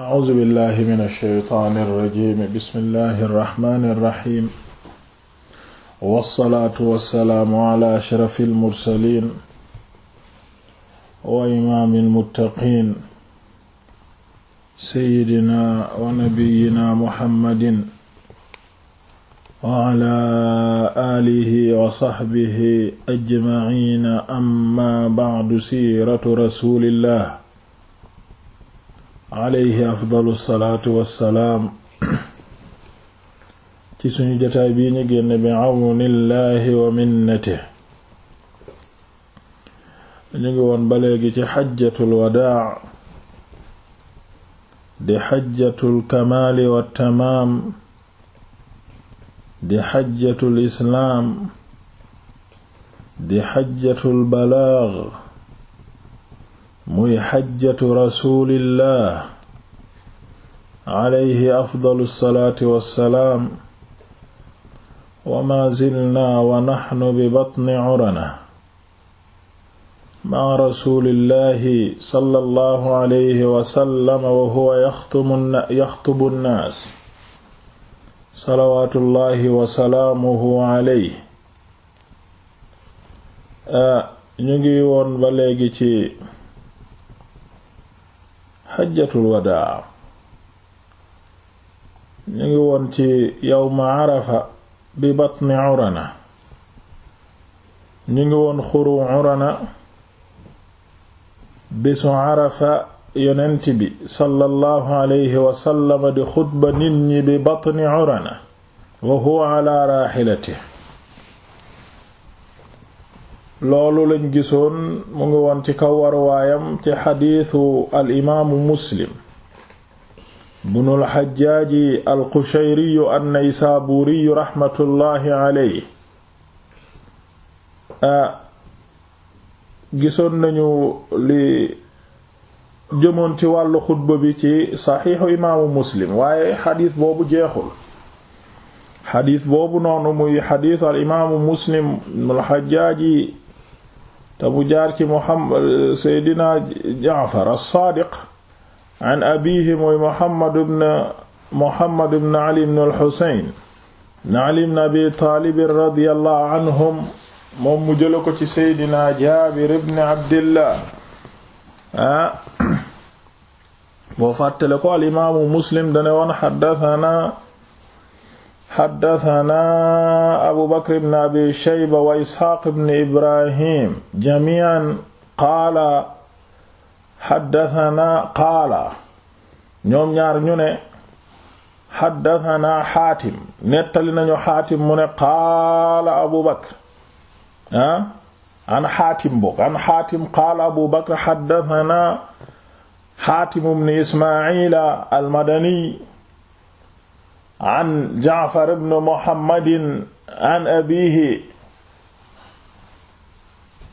a'uuzu billahi min ash-shaytaani rrajiim bismillahi rrahmaani rrahiim wassalaatu wassalaamu ala ashrafi almursaliin wa imaami almuttaqiin sayyidina wa nabiyyina muhammadin wa ala aalihi wa sahbihi ajmaciina amma bacdu siiratu rasuulillah alayhi afdalu salaatu wassalaam ci suñu jotaay bii ñu génn bi awnillahi wa minnatihi ñu ngi woon ba léegi ci xajjatul wadaa di xajjatul kamaali wa tamaam di xajjatul islaam di xajjatul balaag muy xajjatu rasulillah alayhi afdalu lsalaati wassalaam wa ma zilnaa wa naxnu bi batni curana maca rasulillahi sallallahu alayhi wasallam wa huwa yaxtubu nnaas salawaatullahi wa salaamuhu alayhi ah, ñu ngi woon ba léegi ci xajjatul wadaa ñu ngi woon ci yawma arafa bi batni urana ñu ngi woon xuru urana bisu arafa yonent bi sallallahu alayhi wasallama di xutba nit ñi bi batni urana wa huwa ala raxilatihi loolu lañ gisoon mu ngi woon ci kaw warwaayam ci xadiisu alimaamu muslim bunul xajjaaji alqushayriyu annaysaabuuriyu raxmatullaahi aleyhi a gisoon nañu li jëmoon ci wàllu xutba bi ci saxiixu imaamu muslim waaye xadiis boobu jeexul xadiis boobu noonu muy xadiisu alimaamu muslim al xajjaaji te mu jaar ci Muhammad Seydina Jaafar as-Saadiq an abiihi mooy Muhammad ibn Muhammad ibn Ali ibn al-Husayn ibn Ali ibn Abi Taalib radiyallahu anhum moom mu jëla ko ci Seydina Jaabir ibn Abdillah ah boo fàttale ko al imaamu Muslim dane woon haddathana xaddatana abu bakr ibn abi shayba wa isxaaq ibn ibrahim jamian qaala xaddatana qaala ñoom ñaar ñu ne xaddatana xaatim nettali nañu xaatim mu ne qaala abu bakr ah an xaatim bokk an xaatim qaala abu bakr xaddatana xaatim ibn ismaila almadani an Jaafar ibn Muhammadin an abiihi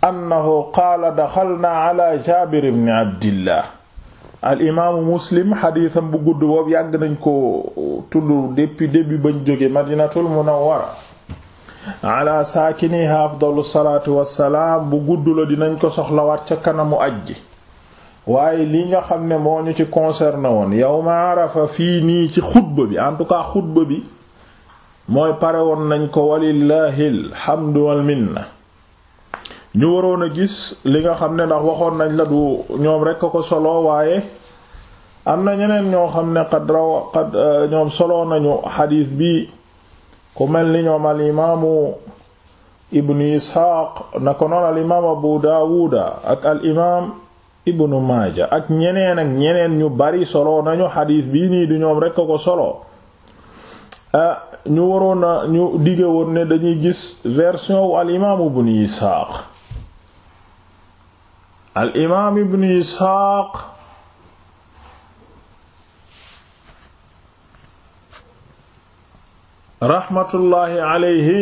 annahu qaala daxalnaa ala Jaabir ibn Abdillah al imaamu Muslim xadiisam bu gudd boobu yàgg nañ ko tudd depuis début bañ jóge Madinatul Munawwara ala saakinihaa afdalu salaatu wassalaam bu gudd la dinañ ko soxlawaat ca kanamu ajji waaye lii nga xam ne moo ñu ci concerné woon yawma arafa fii nii ci xutba bi en tout cas xutba bi mooy pare woon nañ ko walillahi alhamdu wal ñu waroon a gis li nga xam ne ndax waxoon nañ la du ñoom rekk ko solo waaye am na ñeneen ñoo xam ne qad raw qad euh, ñoom solo nañu xadiis bi ku mel ni ñoom al imaamu ibnu isxaaq na ko noon al imaam abu daawuda ak al imaam ibnu maaja ak ñeneen ak ñeneen ñu bari solo nañu xadiis bii nii du ñoom rekk a solo ñu waroon na ñu digge woon ne dañuy gis version wu al imaam ibnu isxaaq al imaam raxmatullaahi alayhi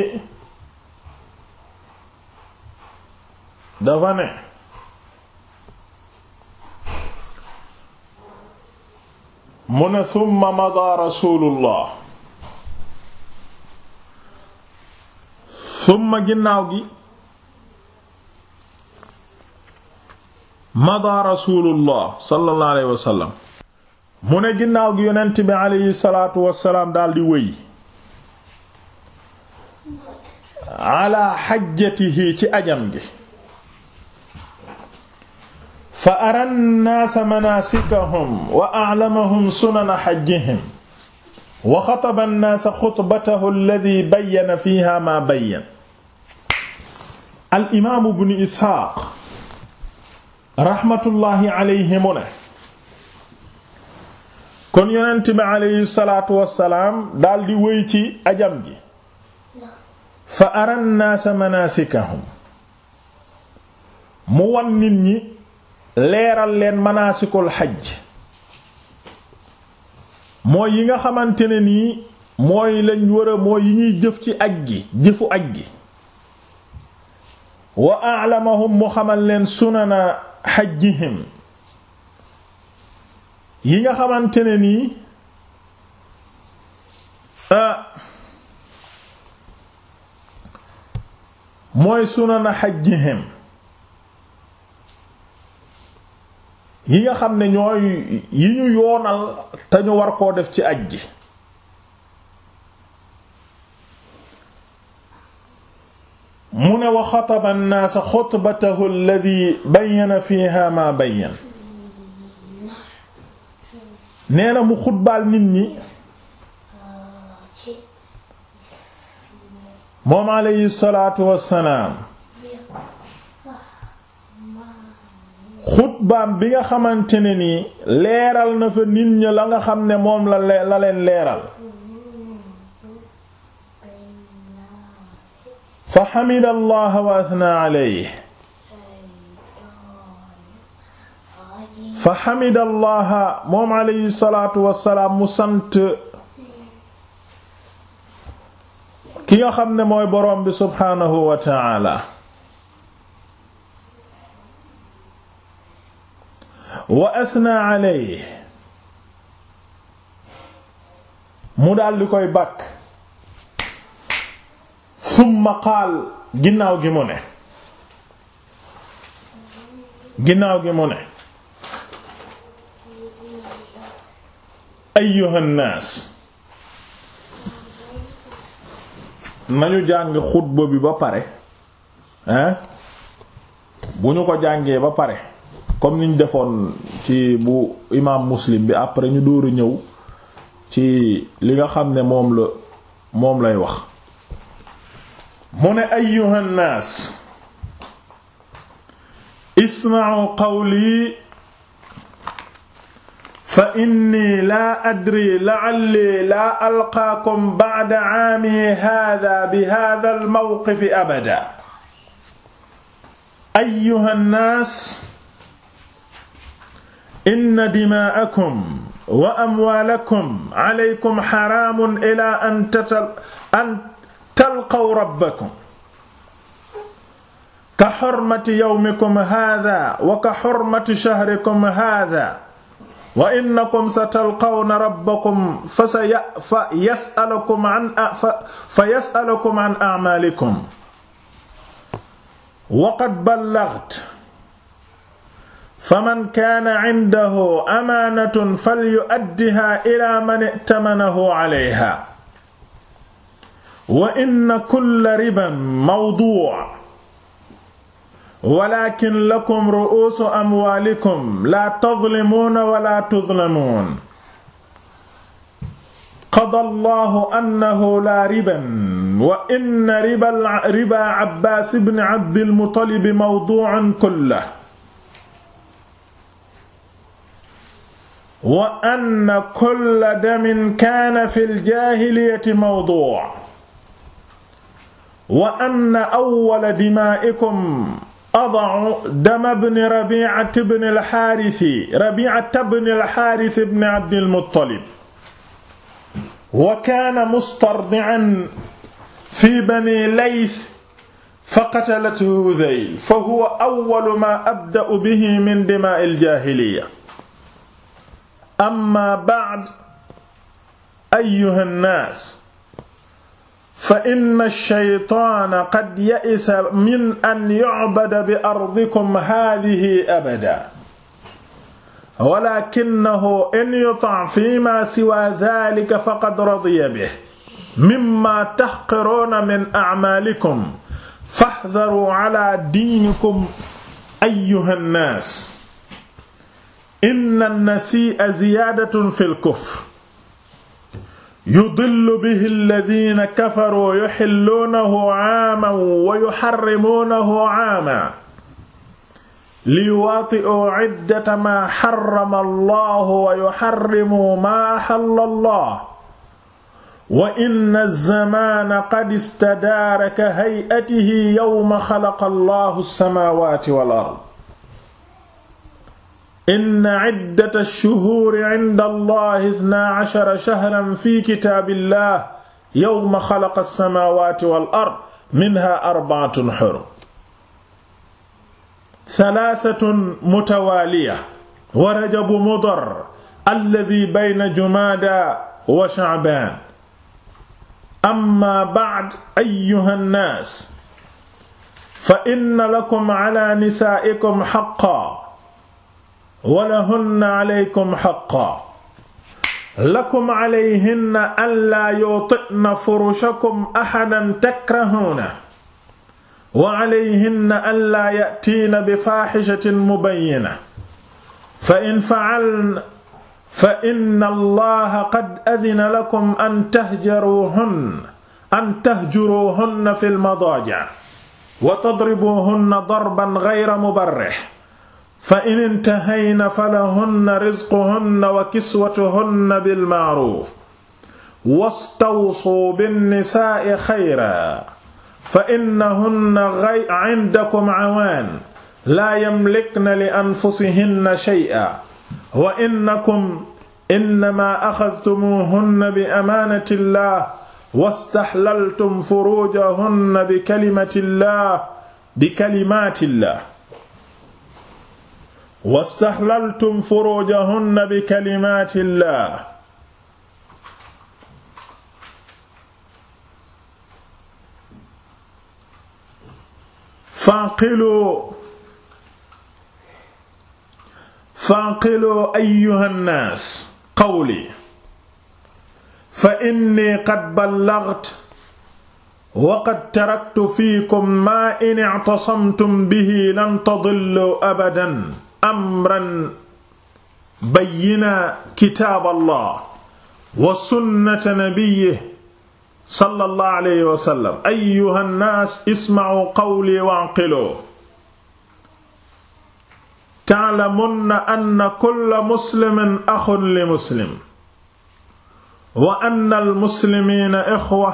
dafa ne mu ne summa mada rasulullah ginnaaw gi mada rasulullah sallallahu mu ne ginnaaw gi yonent bi alayhi salaatu wasalaam daldi wëy ala xajjatihi ci ajam gi fa ara nnaasa manaasikahum wa a'lamahum sunana hajjihim wa xataba annaasa xutbatahu allati bayyana fiha ma bayyana al imaamu bnu isxaaq raxmatullaahi alayhi mu ne kon yonent bi alayhi salaatu wassalaam daldi wéy ci ajam gi fa ara nnaasa manaasikahum mu wan nit ñi leeral leen manaasikul xaj mooy yi nga xamante ne nii mooy lañ war mooy yi ñuy jëf ci aj gi jëfu aj gi wa a'lamahum mu xamal leen sunana xajjihim yi nga xamante ne mooy sunana xajjihim yi nga xam ne ñooy yi ñu yoonal te ñu war koo def ci aj ji mu ne wa xataba an-naas xutbatahu allati bayyana fiha ma bayyan nee na mu xutbaal nit ñi moom alayhi salaatu wassalaam xutbaam bi nga xamante ne nii leeral na fa nit ñi la nga xam ne moom la leen leeral fa xamida allaha wa asna fa xamida moom mu sant ki nga xam ne mooy boroom bi subhaanahu wa ta'ala wa asna alayhi mu daldi koy bakk summa qaal ginnaaw gi mu ne ginnaaw gi mu ne ayyuhan naas nañu jàng xutba bi ba pare bu ñu ko jàngee ba pare comme niñ defoon ci bu imaam muslim bi après ñu dóoru ñëw ci li nga xam ne moom la moom lay wax mu ne ayyuha nnaas isma'u qawli fa inni la adri la'alli laa alqaakum ba'da 'aami haadha bi haadha inna dimaa'akum wa amwaalakum aleykum xaraamun ilaa an tatal an talqaw rabbakum ka xormati yawmikum haadaa wa ka xormati shahrikum haadaa wa innakum satalqawna rabbakum fa sayas'alukum an fa yas'alukum an a'maalikum wa qad ballaghtu faman kaana indahu amaanatun falyu'addihaa ilaa man i'tamanahu alayhaa wa inna kulla riban mawduu'un walaakin lakum ru'uusu amwaalikum laa tadlimuuna walaa tudlamuun qadaa Allahu annahu laa riban wa inna ribaa Abbaas ibn Abdil Muttalib mawduu'un kulluhu wa anna kulla damin kaana fil jaahiliyati mawduu' wa anna awwala dimaa'ikum ada'u dama ibni Rabi'ata ibni al-Haarith Rabi'ata ibni al-Haarith ibni Abdil Muttalib wa kaana mustardi'an fi bani Layth faqatalathu Hudhayl fahuwa awwalu maa abda'u bihi min dimaa'il jaahiliyya amma ba'd ayyuha an-naas fa inna ash-shaytaana qad ya'isa min an yu'bada bi ardikum haadhihi abadan walakinahu in yuta' fiimaa siwaa dhaalika faqad radiya bihi mimmaa tahqiruuna min a'maalikum fahdharuu 'alaa diinikum ayyuha an-naas inna an-nasii'a ziyaadatun fil kufr yudillu bihi alladhiina kafaruu yuhilluunahu 'aaman wa yuharrimuunahu 'aaman liwaati'uu 'iddata maa harrama Allahu wa yuharrimuu maa ahalla Allahu wa inna zamaana qad istadaara ka hay'atihi yawma xalaqa Allahu as-samaawaati wal ard inna ciddata shuhuuri cinda allahi isnaa cashara shahran fi kitaabillah yawma xalaqa samaawaati wal ard minhaa arbacatun xurum. talaasatun mutawaaliya wa rajabu mudar alladi bayna jumaada wa shacbaan. amma bacd ayyuha nnaas fa inna lakum calaa nisaa'ikum xaqqa walahunna alaykum haqqan lakum alayhinna allaa yuti'na furushakum ahadan takrahuunahu wa alayhinna allaa ya'tiina bifahishatin mubayyinatin fa in fa'alna fa inna allaha qad adina lakum an tahjaruhunna an tahjuruhunna fil madaaji' wa tadribuhunna darban ghayra mubarrih fa in intahayna falahunna rizquhunna wa kiswatuhunna bilma'ruf wastawsuu binnisaa'i xayran fa innahunna indakum awaan laa yamlikna li anfusihinna shay'an wa innakum innamaa axadtumuuhunna bi amaanati llah wastaxlaltum furuujahunna bi kalimati llah bi kalimaati llah wastaxlaltum furujahunna bi kalimaatillah fanqiloo fanqiloo ayyuhannaas qawli fa inni qad ballaghtu wa qad taraktu fiikum maa in i'tasamtum bihi lan tadillu abadan amran bayyina kitaab allah wa sunnata nabiyihi sallallahu alayhi wa sallam ayyuha nnaas isma'u qawli wa'qilu ta'lamunna anna kulla muslimin axun li muslim wa anna al-muslimiina ixwa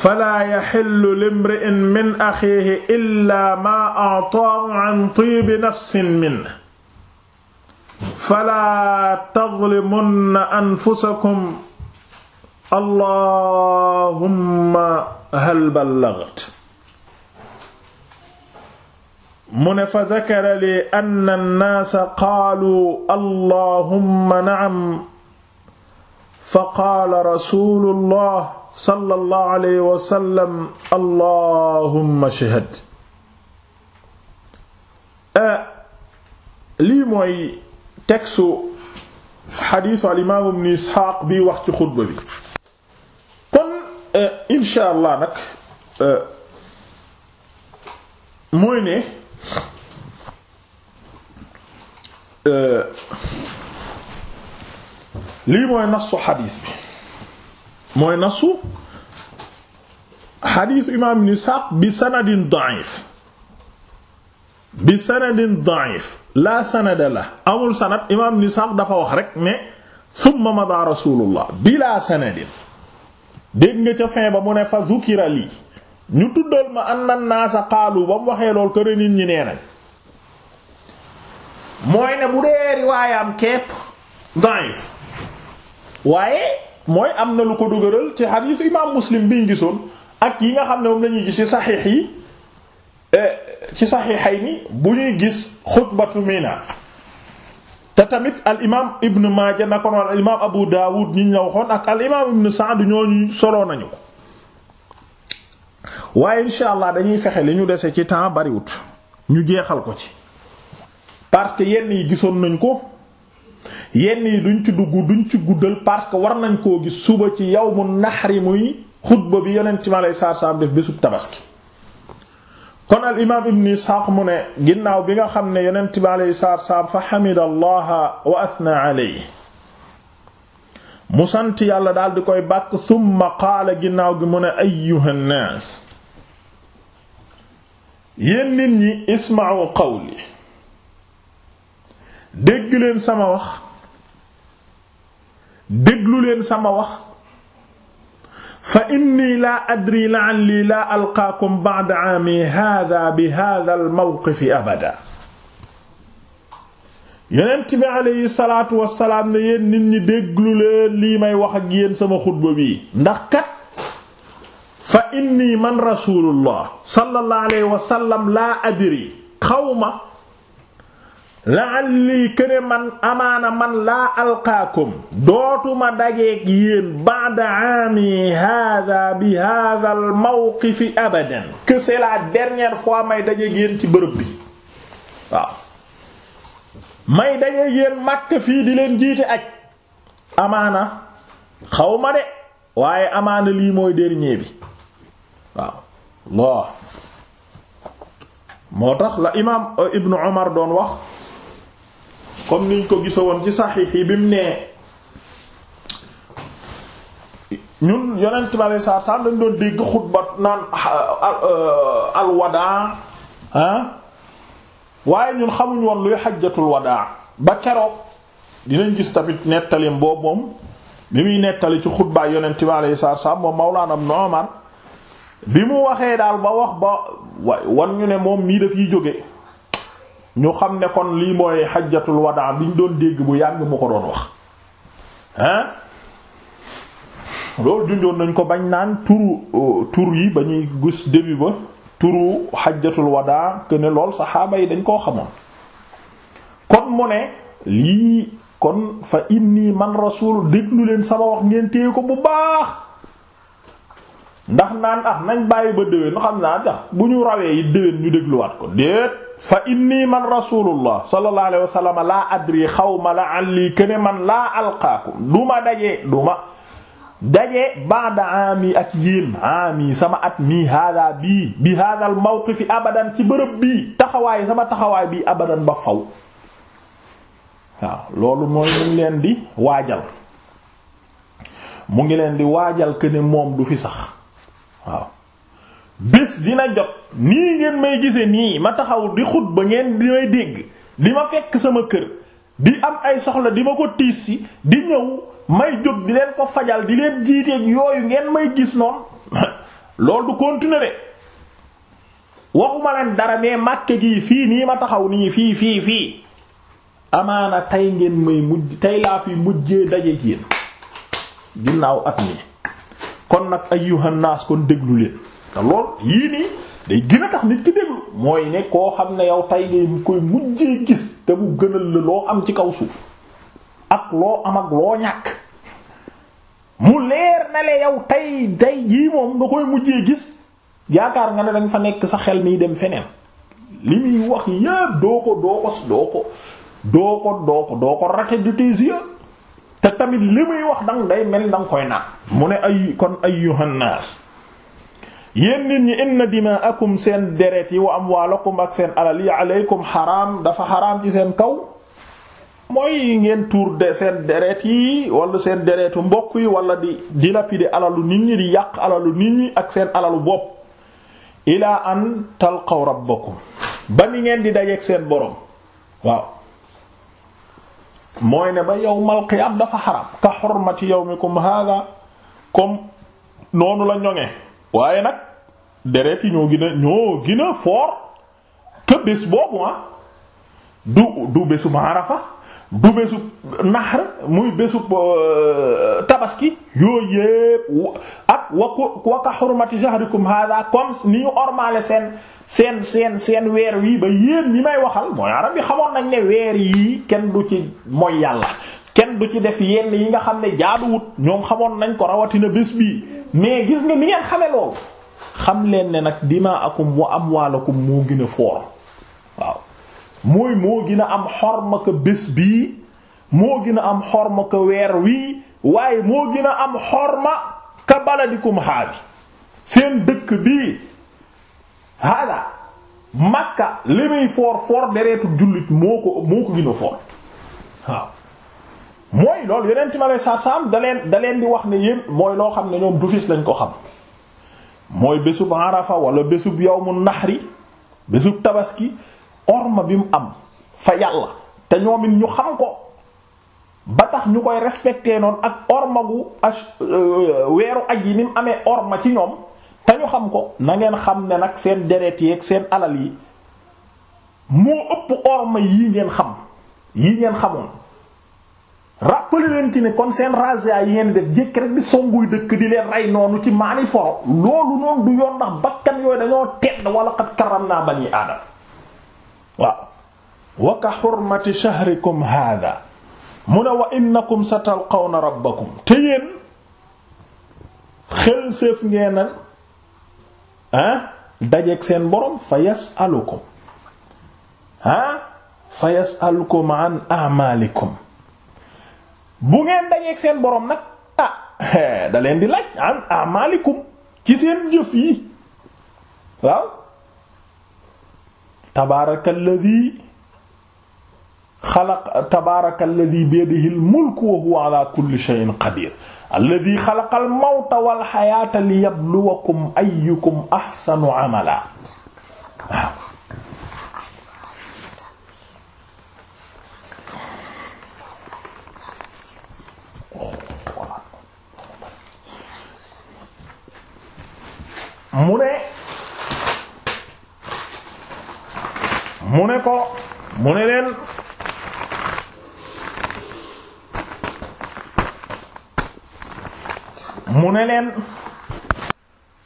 fala yaxillu limri'in min axiihi illaa maa a'taahu an tiibi nafsin minhu fala tadlimunna anfusakum allahumma hal ballaghtu mu ne fa dakara li anna annaasa qaalu allahumma na'am fa qaala rasuulullah sallallahu alayhi wa sallam allahumma shahid eh, lii mooy texu xadiisu alimaam ibn Isxaaq bi wax ci xutba bi kon eh, insha allah eh, mooy ne lii mooy nasu xadiis mooy nasu xadiis imaam ibn bi sanadin da'if bi sanadin da'if laa sanada la amul sanad imaam ibn Isxaaq dafa wax rek ne summa mada rasulullah bilaa sanadin dégg ca fin ba mu ne fa zukira lii ñu tuddal ma anna naasa qaalu ba waxee lool kër nit ñi nee nañ mooy ne bu dee riwaayam kepp da'if waaye mooy am na lu ko dëgëral ci xadiisu imaam muslim ñu gisoon ak yi nga xam ne moom lañuy gis ci saxiix yi eh, ci saxiixay ni bu ñuy gis xutbatu Mina te tamit al imaam Ibn Maaja na ko noon al imaam Abu Daawud ñu la waxoon ak al imaam Ibn Sa'd ñooñu soloo nañu ko waaye insha allah dañuy fexe li ñu dese ci temps bariwut ñu jeexal ko ci parce que yenn yi gisoon nañ ko yenn yi duñ ci dugg duñ ci guddal parce que war nañ koo gis suba ci yawmu naxri muy xutba bi yonent mi aleyhi salaatu salaam def bésub tabaski kon al imaam ibn isxaaq mu ne ginnaaw bi nga xam ne yonent bi aleyhi salaatu salaam fa xamida allaha wa asna aleyhi mu sant yàlla daal di koy bàkk summa qaala ginnaaw gi mu ne ayyuha nnaas yéen nit ñi isma'u qawli dégg leen sama wax déglu leen sama wax fa inni laa adri la'alli laa alqaakum ba'da 'aami haadha bi haadha al-mawqif abada yonent bi aleyhi salaatu wasalaam ne yéen nit ñi déglu leen lii may wax ak yéen sama xutba bii ndax kat fa inni man rasulullah sallallahu alayhi wa sallam laa adri xawma la'alli këne man man laa alqaakum dootuma dajeek yéen ba'da aami hada bi hada la may dajeek yéen ci bërëb bi waaw may fii di leen jiite aj amaana xawma de waaye amaana lii mooy dernier bi waaw moo tax la imaam euh, Ibn Umar doon wax comme niñ ko gisa woon ci saxiix yi bi mu nee ñun yonent bi alei satu salaam dañ doon dégg xutba naan euh, alwadaa ah waaye ñun xamuñ woon luy xajjatul wadaa ba keroog dinañ gis tamit nettalim boobu moom bi muy nettali ci xutbaay yonent bi alei satu salaam moom mawlaana ibn bi mu waxee daal ba wax ba wa wan ñu ne moom mii daf yi jóge ñu xam ne kon lii mooy xajatul wadaa bi ñu doon dégg bu yàgg mu ko doon wax hein loolu junjoon nañ ko bañ naan turu euh, tur yi ba ñuy gis début ba turu xajjatul wadaa que ne lool xaaba yi dañ koo xamoon kon mu ne lii kon fa inni man rasul déglu leen sama wax ngeen téye ko bu baax ndax naan ah nañ bàyyi ba déwén xam naa tax bu ñu rawee yi déwén ñu dégluwaat ko déet fa inni man rasulullah sallallahu alayhi wasallam laa adri xawma la alli kene man laa alqaakum duma dajee duma dajee baada ami ak yéen ami sama at mii hada bi bi hada al abadan ci bërëb bi taxawaay sama taxawaay bii abadan ba faw waaw loolu mooy ñu leen di waajal mu ngi leen di waajal kene moom du fi sax waaw bés dina jot nii ngeen may gise nii ma taxaw di ba ngeen di may dégg di ma fekk sama kër di am ay soxla di ma ko tiis si di ñëw may jóg di leen ko fajal di leen jiiteeg yooyu ngeen may gis noonu lool du continuer de waxuma leen dara mais màkke gi fii nii ma taxaw nii fii fii fii amaana tey ngeen may mujj tey laa fi mujjee daje ci yéen at mi kon nag ayyuhan naas kon déglu leen te lool yii nii day gën a tax nit ki déglu mooy ne koo xam ne yow tay ngay koy mujjee gis te mu gënal la loo am ci kaw suuf ak loo am ak loo ñàkk mu leer na le yow tay day jii moom nga koy mujjee gis yaakaar nga ne danga fa nekk sa xel miy dem feneen li muy wax yépp doo ko doo ko doo ko doo ko doo ko doo ko raté du tes te tamit li muy wax dang day mel danga koy naan mu ne ay kon ayyuhan naas yéen nit ñi inna dimaakum seen deret yi wa amwaalakum ak seen alal yi aleykum xaraam dafa xaraam ci seen kaw mooy ngeen tuur de seen deret yi wala seen deretu mbokk yi wala di di lapider alalu nit ñi di yàq alalu nit ñi ak seen alalu bopp ilaa an talqaw rabbakum ba ni ngeen di dajeek seen borom waaw mooy ne ba yawmal qiyaam dafa xaram ka xormati yawmikum hada comme noonu la ñoŋe waaye nag deret yi ñoo gën a ñoo gën a fort bés boobu ah du du bésu Arafa du bésub nahr muy bésub euh, tabaski yooyu yépp ak waku waka xurmati jahrikum comme ni ñu ormaale seen seen seen seen weer wii ba yéen ñi may waxal mooy arab yi xamoon nañ ne weer yii kenn du ci mooy yàlla kenn du ci def yenn yi nga xam ne jaaduwut ñoom xamoon nañ ko rawatina bés bii mais gis nga ni ngeen xame loolu xam leen ne nag dimaakum wa amwaalakum moo gën a foor waaw mooy moo gin a am xorma ko bés bii moo gën a am xorma ko weer wii waaye moo gën a am xorma ka baladikum haabi seen dëkk bii haada makka li muy foor foor deretu jullit moo ko moo ko gën a foor mooy loolu yeneen ma lay sarsam da leen di wax ne yéen mooy loo xam ne ñoom dufis lañ ko xam mooy bésub arafa wala bésub yawmu nahri bésub tabaski orma bi mu am fa yàlla te ñoom ñu xam ko ba tax ñu koy respecté noonu ak orma gu euh, weeru aj yi ni mu amee orma ci ñoom te ñu xam ko nangeen xam ne nag seen deret yi ak seen alal yi moo ëpp orma yii ngeen xam yii ngeen xamoon rappelé leen ci kon seen razzia yi ngeen def jékk rek di songuy dëkk di leen rey noonu ci maani foro loolu noonu du yoon ndax bakkan yooyu dañoo tedd wala xat karam naa bani aadam waaw wa ka xurmati shahrikum hada mu ne wa innakum satalqawna rabbakum te yéen xel séef ngeenan ah, dajeek seen borom fa yasalukum ah, fa yasalukum an amalikum bu ngeen dajeek seen borom nag ah da leen laaj an amalikum ci seen jëf tabaarakalladi xalaq tabaarakalladi biyadihil mulku wa huwa ala kulli shay'in qadir alladi xalaqal mawta wal xayaata liyabluwakum ayyukum ahsanu amala waaw mu ne mu ne ko mu ne leen mu ne leen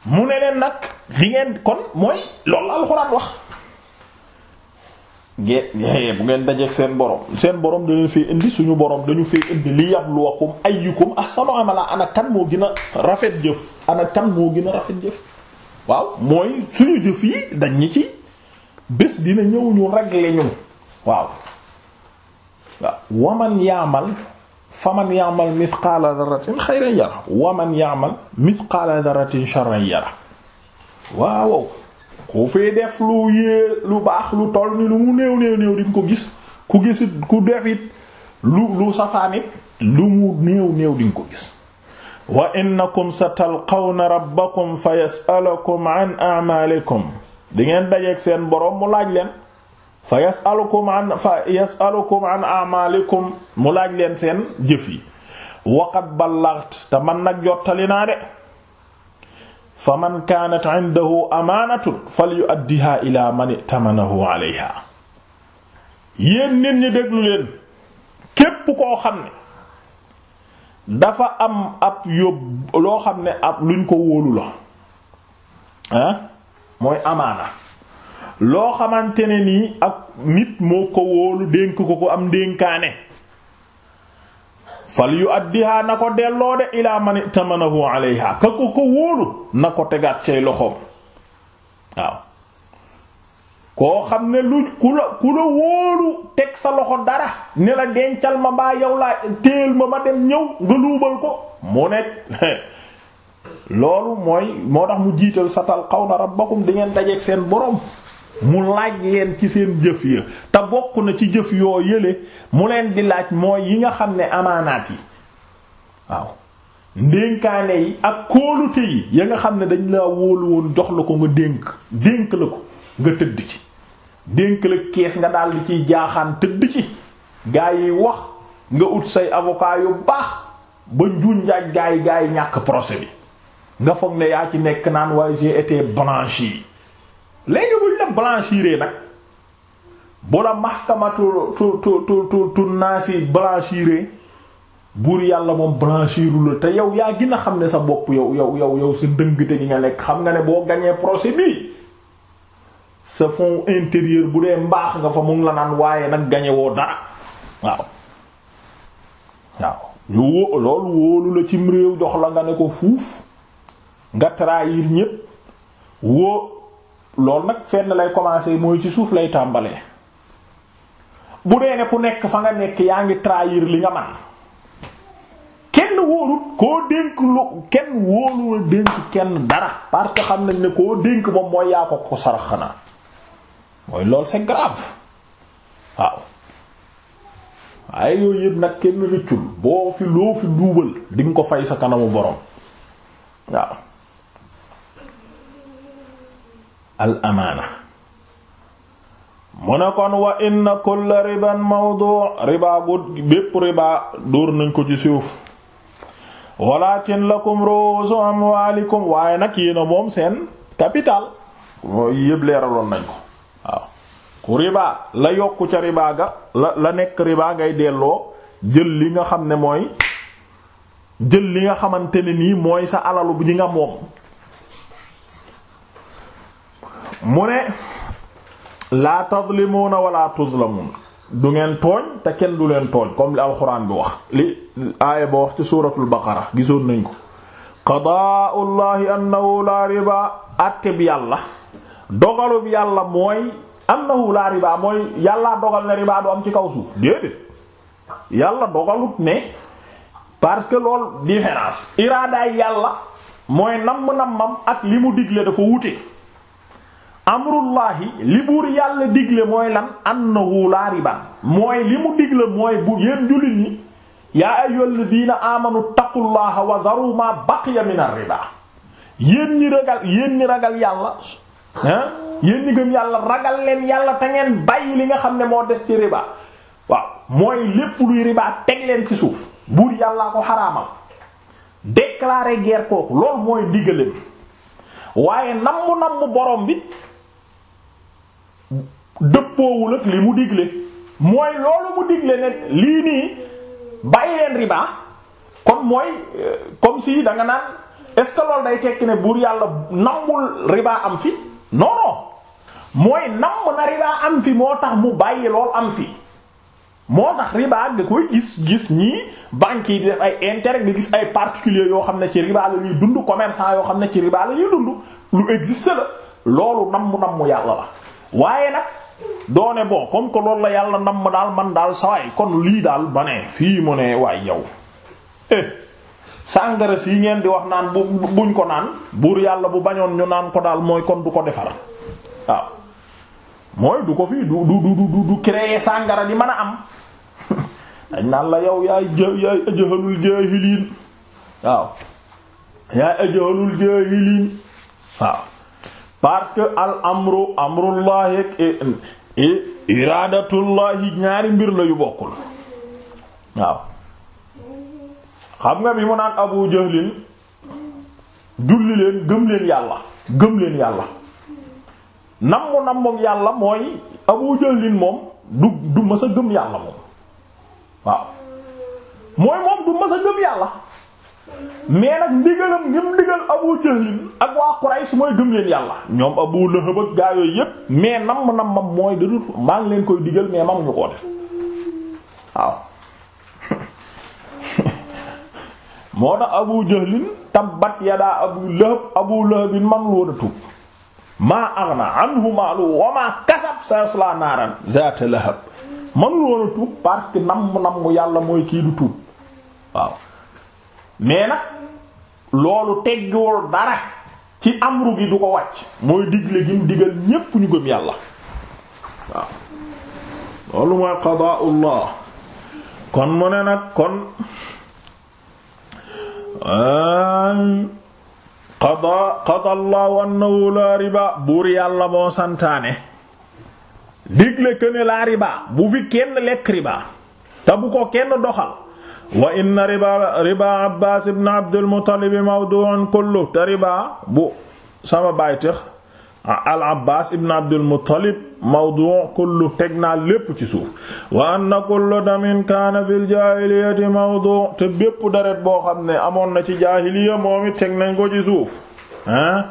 mu ne nag li ngeen kon mooy loolu la alxuraan wax ngeen bu ngeen dajeek seen borom seen boroom dañu fi indi suñu boroom dañu fi indi li yabluwakum ayyukum ahsanu amala ana kan moo gën rafet jëf ana kan moo gën a rafet jëf waaw mooy suñu jëf yi dañ ñi ci bés dina ñëw ñu régler ñu waaw waaw waman yaamal faman yaamal mithqaala yara waaw ku fi def lu yée lu baax lu toll ni lu mu néew néew néew ko gis ku gisit ku def it lu lu safaanit lu mu néew néew ko gis wa innakum satalqawna rabbakum fayas'alakum an a'malikum dingeen ngeen seen boroom mu laaj leen fa yasalukum mu laaj leen seen jëf yi man nag jottali naa de fa man kaanat indahu amaanatun falyu'addiha ila man i'tamanahu alayha képp koo am ab yóbbu loo xam ne ab luñ ko wóolu la mooy amaana loo xamante ne nii ak nit moo ko wóolu dénk ko ko am dénkaane fal yu addihaa na ko delloo de ilaa man itamanahu alayha ka ko ko wóolu na ko tegaat cay loxoom waaw koo xam ne lu ku la ku la wóolu teg sa loxo dara ne la dencal ma mbaa yow laa téel ma ma dem ñëw nga luubal ko mu ne loolu mooy moo tax mu jiital sa tal xaw na rabbakum di ngeen dajeeg seen boroom mu laaj leen ci seen jëf ya te bokk na ci jëf yoo yële mu leen di laaj mooy yi nga xam ne amaanaat yi waaw ndénkaane yi ak kóolute yi ya nga xam ne dañ laa wóolu woon jox la ko nga dénk dénk la ko nga tëdd ci dénk la kees nga daal di ciy jaaxaan tëdd ci gaa yi wax nga ut say avocat yu baax ba njuuñ njaaj gaa yi gaa yi ñàkk procès bi nga foog ne yaa ci nekk naan waaye j'ai été blanchi léegi buñ la blanchiré nag bu mahkamatu tu tu tu tu tu naasi blanchiré buur yàlla moom blanchiru la te yow yaa gën a xam ne sa bopp yow yow yow yow sa dëngte gi nga nekk xam nga ne boo gañee procès bi sa fond intérieur bu dee mbaax nga fa mu la naan waaye nag gañe woo dara waaw waaw yu loolu wóolu la cim réew jox la nga ne ko fuuf nga trahir ñépp woo loolu nag fenn lay commencer mooy ci suuf lay tàmbalee bu dee ne ku nekk fa nga nekk yaa ngi trahir li nga man kenn wóorut koo dénk lu kenn wóolu dénk kenn dara parce xam nañ ne koo dénk moom mooy yaa ko ko sarax xanaa mooy loolu c'est grave waaw waaye yooyu yëpp nag kenn rëccul boo fi loo fi duubal di nga ko fay sa kanamu borom waaw al amaana mu ne kon wa inna kulla riban mawdu' riba gu bépp riba dóor nañ ko ci suuf walakin lakum ru'usu amwaalikum waaye nag yéena moom seen capital mooy yëpp leeraloon nañ ko waaw ku riba la yokku ca riba ga la la nekk riba ngay delloo jël li nga xam ne mooy jël li nga xamante ni nii mooy sa alalu bi nga moom mu ne laa tadlimuuna wala tudlamuun du ngeen tooñ te kenn du leen tooñ comme li alxuraan bi wax li aaya ba wax ci suuratul gisoon nañ ko qadaa'ullahi annahu laa ribaa àtteb yàlla dogalub yàlla mooy annahu laa ribaa mooy yàllaa dogal ne ribaa du am ci kaw suuf déedéet yàlla dogalut ne parce que loolu différence iraaday yàlla mooy namm nammam ak li mu digle dafa wute amrullahi li buur yàlla digle mooy lan annahu la riba mooy li mu digle mooy bu yéen jullit ñi yaa ayyul ladina amanu taqullaha wa zaru ma baqiya min yéen ragal yéen ñi ragal yàlla hein yéen ñi yàlla ragal leen yàlla te ngeen bàyyi li nga xam ne moo des ci riba waaw mooy lépp luy riba teg leen ci suuf buur yàllaa ko xaraamal déclarer guerre kooku loolu mooy digaleem waaye nam mu nam mu borom bi dëppoowul ak li mu digle mooy loolu mu digle ne lii nii bàyyi leen riba kon mooy euh, comme si danga nga naan est day tekki ne buur yàlla nammul riba am fi non non mooy namm na riba am fi moo tax mu bàyyi lool am fi moo tax riba nga koy gis gis ñii banques yi di def ay intérêt nga gis ay particuliers yoo xam ne ci riba la dund commerçant yoo xam ne ci riba la ñuy dund lu existe la loolu namm namm yàlla la waaye nag doone bon comme que loolu la yàlla namm daal man daal sawaay kon lii daal ba ne fii mu ne waay yow eh sàngara si ngeen di wax naan bu buñ ko naan buur yàlla bu bañoon ñu naan ko daal mooy kon du ko defar waaw mooy du ko fii du du du du créer sàngara di mën a am dañ naan la yow yaay yaay ajëxalul jaahiliin waaw yaay ajëxalul jaahiliin waaw parce que al amru amrullahi ak eh, eh, ñaari mbir la yu bokkul waaw xam nga bi mu naan abu jahlin julli leen gëm leen yàlla gëm leen yàlla nammu nammu yàlla mooy abu jahlin moom du du mës a gëm yàlla moom waaw mooy moom du mës a gëm yàlla mais nag ndigalam ngim ndigal Abu Jahlin ak waa Quraysh mooy gëm leen yàlla ñoom Abu Lahab ak gaa yépp mais nam nam mam mooy de maa ngi leen koy digal mais mam ñu koo waaw moo tax Abu Jahlin tabbat yadaa Abu Lahab Abu Lahab man loo tuub maa aghna anhu maaluhu wa maa kasab sayaslaa naaran zaata lahab man loo da tuub parce que nam nam yàlla mooy kii du tuub waaw mais nag loolu teggiwul dara ci amru bi du ko wàcc mooy digle gi digal ñépp ñu gëm yàlla waaw loolu mooy qadaa'ullah kon mu ne nag kon qada qada allahu annahu la riba buur yàlla moo santaane digle këne la riba bu fi kenn lekk riba te bu ko kenn doxal wa inna riba riba abbas ibn abdul muttalib mawdu'un kullu te riba bu sama baay al abbas ibn abdul muttalib mawdu' kullu teg naa lépp ci suuf wa anna kullu damin kaana fil jaahiliyati mawdu' te bépp deret boo xam ne amoon na ci jaahiliya moom it teg nañ ko ci suuf ah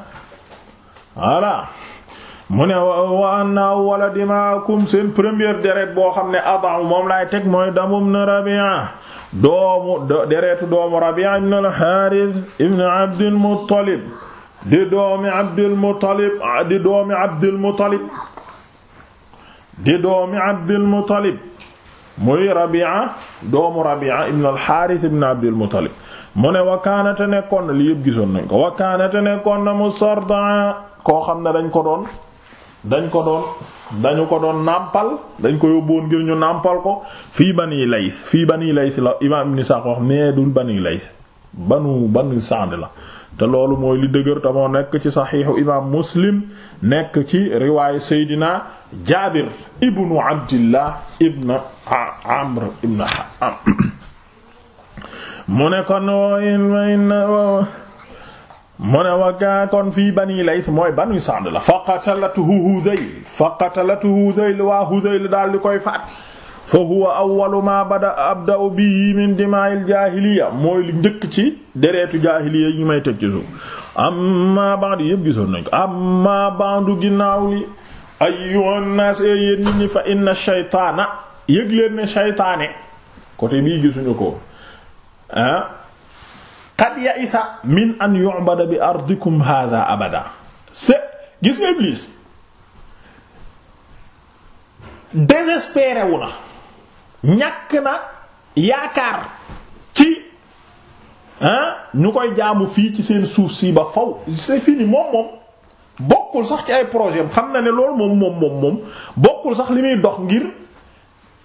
mu ne wa anna awwala dimaakum seen première deret boo xam ne adan moom laay teg mooy damum na rabi'a doomu deretu doomu Rabi'a ibn al-Harith ibn Abdul Muttalib di doomi Abdul Muttalib ah, di doomi Abdul Muttalib di doomi Abdul Muttalib muy Rabi'a doomu Rabi'a ibn al-Harith ibn Abdul Muttalib mu ne wakaanate nekkoon na li yëpp gisoon nañ ko wakaanate nekkoon na mu sarda koo xam ne dañ ko doon dañ ko doon dañu ko doon nàmpal dañ ko yóbboon ngir ñu nàmpal ko fii bani lays fii bani lays la imaam ibn Isaaq wax nee dul bani lays banu banu Sa'd la te loolu mooy li dëgër te moo nekk ci saxiixu imaam Muslim nekk ci riwaayu Seydina Jaabir ibnu Abdillah ibn Amr ibn mu ne mu ne wagaa kon fii bani lays mooy banu Sa'd la fa qatalatuhu Hudayl fa qatalatuhu Hudayl waa Hudayl daal di koy faat fa huwa awwalu ma bada abda'u bihi min dimaa'il jaahiliya mooy lu njëkk ci dereetu jaahiliya yi may teg ci suuf amma ba'du yëpp gisoon nañ ko amma ba'du ginnaaw li ayyuhan naas yéen nit fa inna shaytaana yëg leen ne shaytaane côté bii gisuñu ko ah qad ya isa min an yu'bada bi ardikum hadha abada c'est gis nga Iblis désespéré na ñàkk na yaakaar ci ñu koy jaamu fii ci seen suuf si ba faw c'est fini moom moom bokkul sax ci ay projet xam na ne loolu moom moom moom bokkul sax li muy dox ngir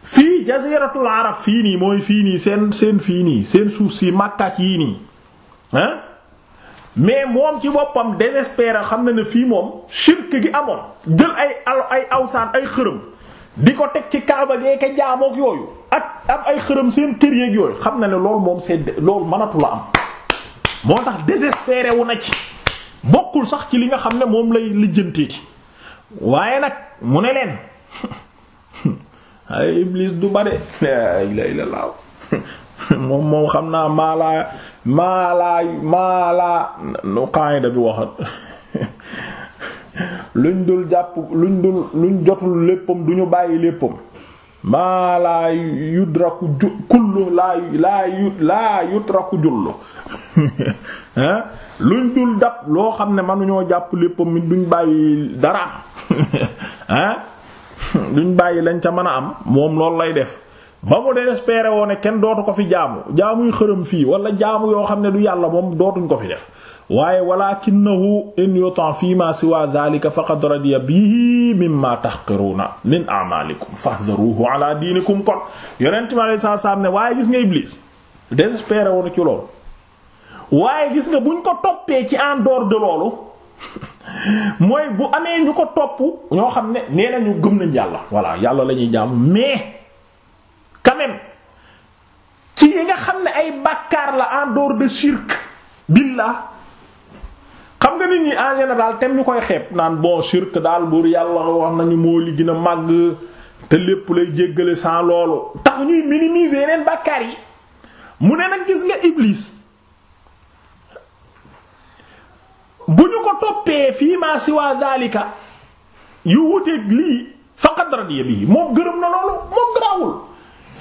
fii jaziratul arab fii nii mooy fii nii seen seen fii nii seen suuf si màkkaat yii nii ah mais moom ci boppam désespéré xam na ne fii moom shirk gi amoon jël ay al ay awsaan ay xërëm di ko teg ci kaaba gee ka jaamook yooyu ak am ay xërëm seen kër yeeg yooyu xam na ne loolu moom c'est loolu mënatu am moo tax désespéré wu na ci bokkul sax ci li nga xam ne moom lay lijjanteeti waaye nag mu ne leen ay iblis du bare moom moom xam naa maalaa maalaa maalaa nu qaayida bi waxat luñ dul jàpp luñ dul luñ jotul léppam duñu bàyyi léppam maa laa yudraku ju kullu laa laa laa yutraku jullu hein luñ dul dab loo xam ne mënuñoo jàpp léppam mi duñ bàyyi dara hein duñ bàyyi lañ ca mën a am moom loolu lay def ba mu désespéré woo ne kenn dootu ko fi jaamu jaamuy xërëm fii wala jaamu yoo xam ne du yàlla moom dootuñ ko fi def waaye walakinahu in yuta fii ma siwa dhalika faqad radiya bihi mimma tax min a'malikum fahdaruhu ala dinikum kon yonent mi alei satu salaam ne waaye gis nga Iblis désespéré woon ci loolu waaye gis nga buñ ko toppee ci en dehors de loolu mooy bu amee ñu ko topp ñoo xam ne nee nañu gëm nañ yàlla voilà yàlla la ñuy jaam quand même ci yi nga xam ne ay bàkkaar la en dehors de shirk billah xam nga nit ñi en général tem ñu koy xep naan bon shirk daal buur yàlla wax nañu moo li gën a te lépp lay jéggale sans loolu tax ñuy minimiser yeneen bàkkaar yi mu ne nag gis nga iblis bu ñu ko toppee fii ma siwa dalika yu wuteeg lii faqad radiya bi moom gërëm na loolu moom garaawul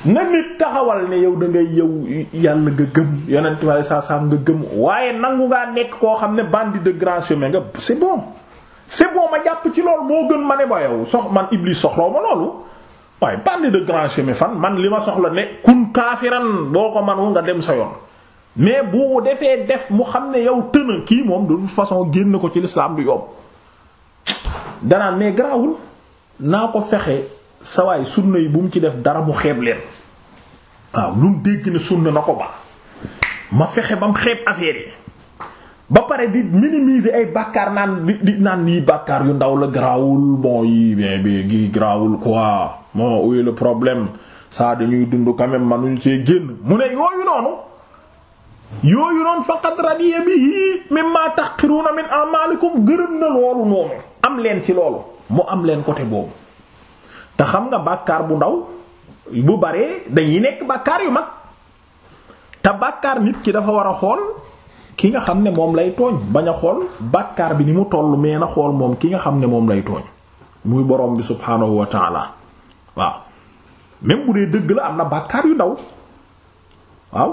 na nit taxawal ne yow da ngay yow yàlla nga gëm yonent bi saa nga gëm waaye nangu ngaa nekk koo xam ne bandit de grand chemin nga c'est bon ma jàpp ci loolu moo gën ma ne ba yow man Iblis soxlaw ma waaye bandit de grand chemin fan man li ma soxla ne kun kaafiran boo ko mënul nga dem sa yoon. mais bu defee def mu xam ne yow tën kii moom de toute façon génn ko ci l'islam du yomb danaan mais garaawul naa ko fexe sawaay sunna yi bu mu ci def dara mu xeeb leen. waaw lu mu dégg ne sunna na ko ba ma fexe ba mu xeeb affaire ba pare di minimiser ay bàkkaar naan di di naan yi bàkkaar yu ndaw la grawul bon yi bien bi gi grawul quoi bon où est le problème ça dañuy dund quand même manuñu see génn mu ne yooyu noonu yooyu noonu faqad radiya bihi mimma taqiruna min amalikum gërëm na loolu noonu am leen ci loolu mu am leen côté boobu te xam nga bàkkaar bu ndaw bu baree dañuy nekk bàkkaar yu mag te bàkkaar nit ki dafa war a xool ki nga xam ne moom lay tooñ bañ a xool bàkkaar bi ni mu toll mais na xool moom ki nga xam ne moom lay tooñ muy borom bi subhaanahu wa taala waaw même bu dee dëgg la am na bàkkaar yu ndaw waaw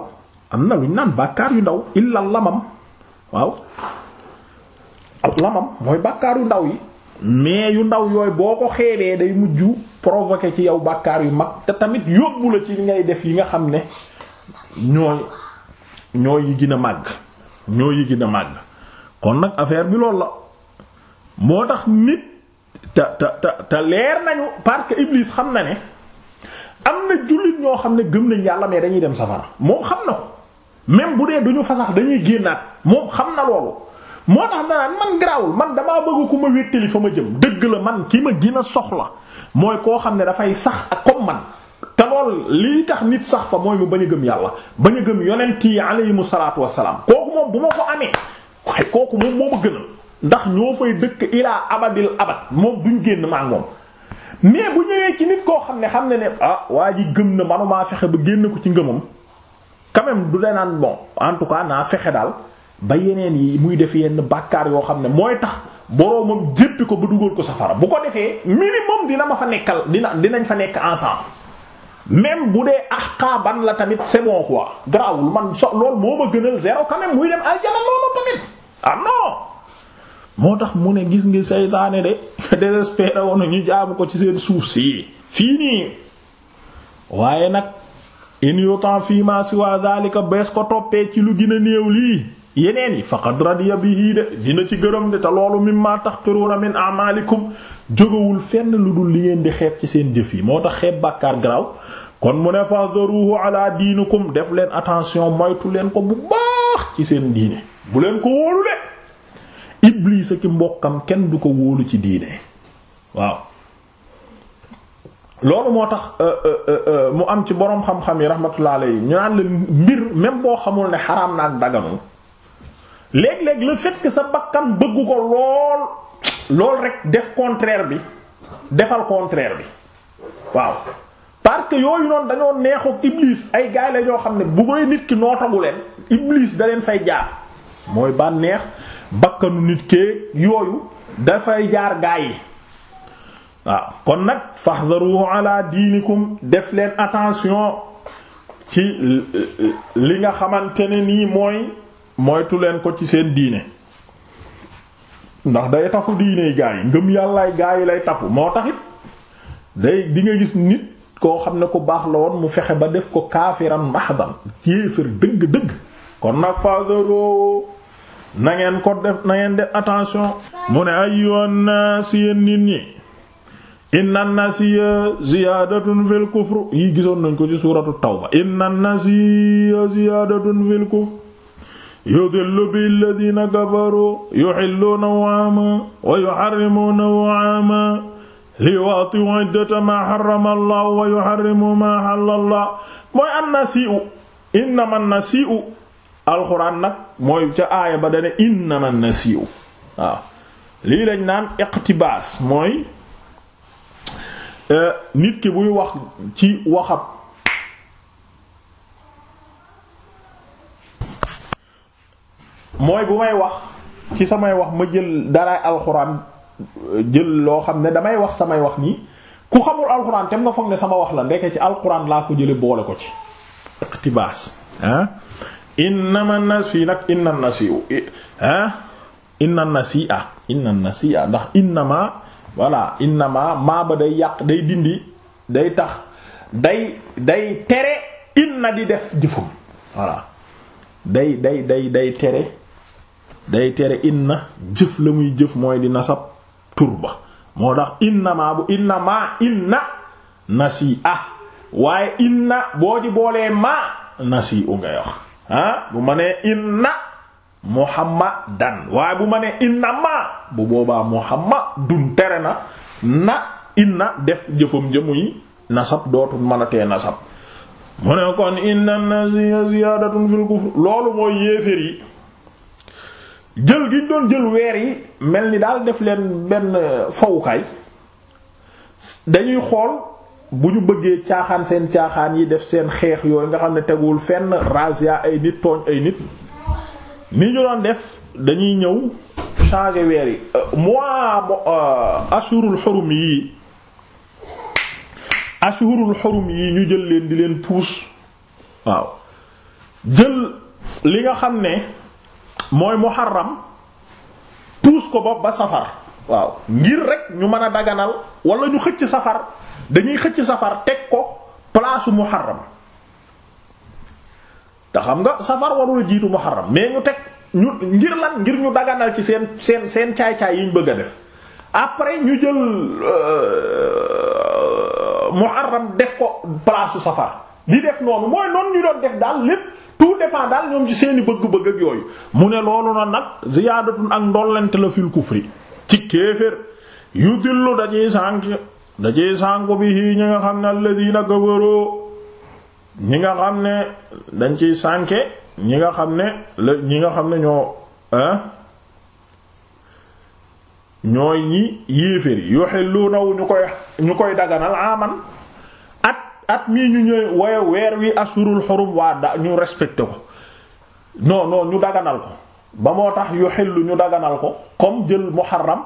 am na lu ñu naan bàkkaar yu ndaw illa lamam waaw lamam mooy bàkkaar yu ndaw yi mais yu ndaw yooyu boo ko xeebee day mujj provoquer ci yow bàkkaar yu mag te tamit yóbbu la ci ngay def yi nga xam ne ñooy ñooy yi gën a màgg ñooy yi gi a màgg kon nag affaire bi loolu la moo tax nit te te te leer nañu parce que xam na ne am na jullit ñoo xam ne gëm nañ yàlla mais dañuy dem safara moom xam na ko même bu dee duñu fasax dañuy génnaat moom xam na loolu moo tax danaan man garaawul man damaa bëgg ku ma wéttali fa ma jëm dëgg la man ki ma gën a soxla mooy koo xam ne dafay sax ak comme man te lool lii tax nit sax fa mooy mu bañ gëm yàlla bañ a gëm yonent yi aleyhimu salaatu wassalaam kooku moom bu ma ko amee waaye kooku moom moo ma gënal ndax ñoo fay dëkk ilaa abadil abad moom duñ génn maa moom mais bu ñëwee ci nit koo xam ne xam ne ne ah waa ji gëm na manumaa fexe ba génn ko ci ngëmam quand du danaan bon en tout naa fexe daal ba yeneen yi muy def yenn bàkkaar yoo xam ne mooy tax boroomam jéppi ko ba dugal ko safara bu ko defee minimum dina ma fa nekkal dina dinañ fa nekk ensemble même bu dee ahqaaban la tamit semon bon quoi garaawul man so loolu moo ma gënal zéro quand même muy dem aljana loolu tamit ah non moo tax mu ne gis ngi seytaane de désespéré woon ñu jaamu ko ci seen suuf si fii nii waaye nag in yutan fii ma siwa zalika bees ko toppee ci lu gën a néew lii yeneen yi faqad bi bihi de dina ci gërëm de te loolu tax tahqiruuna min a'maalikum jógawul fenn lu dul li ngeen di xeeb ci seen jëf yi moo tax xeeb bàkkaar garaaw kon mu ne fahdaruhu ala diinikum def leen attention moytu leen ko bu baax ci seen diine bu leen ko wóolu de Iblis ak mbokkam kenn du ko wóolu ci diine waaw loolu moo tax euh, euh, euh, mu am ci boroom xam-xam yi rahmatullah alayhi ñu naan la mbir même boo xamul ne xaram na ak daganul léeg-léeg le fait sa bakkan bëggu ko lool lool rek def contraire bi defal contraire bi waaw parce que yooyu noonu dañoo neexook iblis ay gaay la yoo xam ne bu koy nit ki nootagu leen iblis da leen fay jaar mooy bànneex bakkanu nit kee yooyu dafay jaar gaay yi waaw kon nag fahdharuhu ala diinikum def leen attention ci li nga xamante ne nii mooy moytu leen ko ci seen diine ndax day tafu diiney gaa yi ngëm yàllaay gaa yi lay tafu moo taxit day di nga gis nit koo xam ne ku baax la woon mu fexe ba def ko kaafiram mahdan yéefér dëgg-dëgg kon nag fazaro nangeen ngeen ko def na def attention mu ne ayyuhan nas yéen nit ñi inna nasiya ziyaadatun fil kufr yi gisoon nañ ko ci suuratu tawba inna nasiya ziyaadatun fil kufr yudillu bi alladina kafaru yuxilluunahu aaman wa yuxarrimuunahu aaman liwatiu iddata maa xarama allah wa yuxarrimu maa xalla allah mooy annasii'u innama nnasii'u alxuraan nag mooy ca aaya ba dane innama nnasii'u waaw lii lañ naan iqtibaas mooy eh, nit ki buy wax ci waxab mooy bu may wax ci samay wax ma jël daraay alxuraan jël loo xam ne damay wax samay wax nii ku xamul alxuraan tem nga foog ne sama wax la ndeke ci alxuraan laa ko jële boole ko ci iqtibaas ah innama nasi nag inna nasi ah inna nasi ah inna nasi ah ndax innama voilà innama maa ba day yàq day dindi day tax day day tere inna di def jëfam voilà day day day day tere day tere inna jëf la muy jëf mooy di nasab turba moo tax inna maa bu inna maa inna nasi ah waaye inna boo ci boolee maa nasi u ngay wax ah bu ma nee inna muhammadan waaye bu ma nee inna maa bu boobaa muhammadun tere na na inna def jëfam jëmuy nasab dootul mën a tee nasab mu ne kon inna nasi ziyadatun fil loolu mooy yéeféer yi jël gi ñu doon jël weer yi mel ni daal def leen benn fowukaay dañuy xool bu ñu bëggee caaxaan seen caaxaan yi def seen xeex yooyu nga xam ne teguwul fenn rasia ay nit tooñ ay nit ni ñu doon def dañuy ñëw change weer yi euh, mois euh, ashurul xurum yi yi ñu jël leen di leen puus waaw jël li nga xam ne mooy muharram tuus ko ba ba safar waaw ngir rek ñu mën a daganal wala ñu xëcc safar dañuy xëcc safar teg ko palaasu muharram te xam nga safar warul jiitu muharram mais ñu teg ñu ngir lan ngir ñu daganal ci seen seen seen caay-caay yi ñu bëgg a def après ñu jël euh, muharram def ko palaasu safar li def noonu mooy noonu ñu doon def daal lépp tout dépend daal ñoom ci seeni bëgg-bëgg ak yooyu mu ne loolu na nag ziyaadatun ak ndollent la fil kufri ci kéefér yu dillu dajey sànk dajey sànku bi hii ñi nga xam ne alladina kafaroo ñi nga xam ne dañ ciy sànke ñi nga xam ne la ñi nga xam ne ñoo ñooy ñi yéefér yuxillunawu ñu koy ñu koy daganal aman at mii ñu ñëw waaye weer wi asurul xurum waa da ñu respecté ko non non ñu daganal ko ba moo tax yu xillu ñu daganal ko comme jël muharram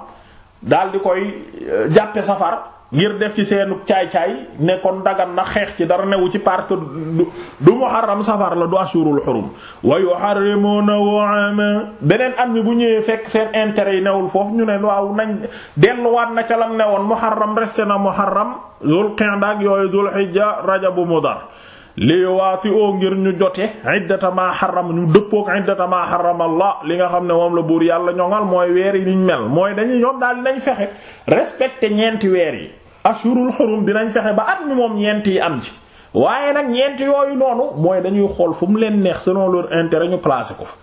dal di koy euh, jàppe safar ngir def ci seenu caay-caay ne kon dagan na xeex ci dara newu ci parce que du muharram safar la du ashurul xurum na yuharrimunahu ama beneen am mi bu ñëwee fekk seen intérêt yi newul foofu ñu ne waaw nañ delluwaat na ca lam newoon muharram resté na muharram zul qa'da ak yooyu zul hijja rajabu mudar li waati oo ngir ñu jote iddata ma xaram ñu dëppook iddata ma xaram la li nga xam ne moom la buur yàlla ñoŋal mooy weer yi niñ mel mooy dañuy ñoom daal dinañ fexe respecté ñeenti weer yi ashurul xurum dinañ fexe ba at mi moom ñeenti yi am ci waaye nag ñeenti yooyu noonu mooy dañuy xool fu mu leen neex selon leur intérêt ñu placé ko fa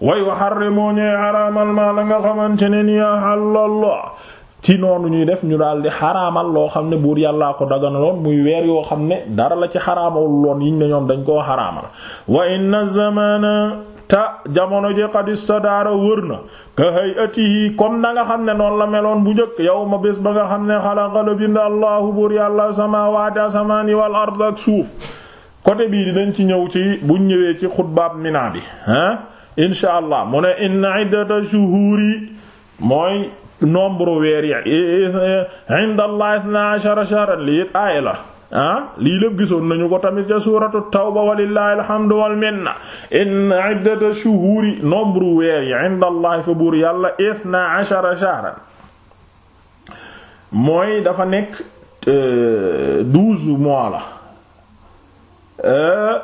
way waxarrimoo ñee xaramal ma la nga xamante ne ni Allah ci noonu ñuy def ñu daal di xaraamal loo xam ne buur yàllaa ko daganaloon muy weer yoo xam ne dara la ci xaraamawul loon yiñ ne ñoom dañ koo xaraamal wa inna zamana ta jamono ji sa daara wër na ka hayatihi comme na xam ne noonu la meloon bu njëkk yow ma bés ba nga xam ne xalaqala bind allahu buur yàlla samaawaati asamaani wa ard ak suuf côté bii dinañ ci ñëw ci buñ ñëwee ci xutbaab minaa bi ah incha allah mu ne inna iddata shuhuri mooy nombre weer yi inda lii la ah, lii lépp gisoon nañu ko tamit ca suuratu tawba walillahi alhamdu wal minna inna iddata shuhuri nombre weer yi inda allah fa buur yàlla ithna ashara shahran mooy dafa nekk euh, douze mois la euh,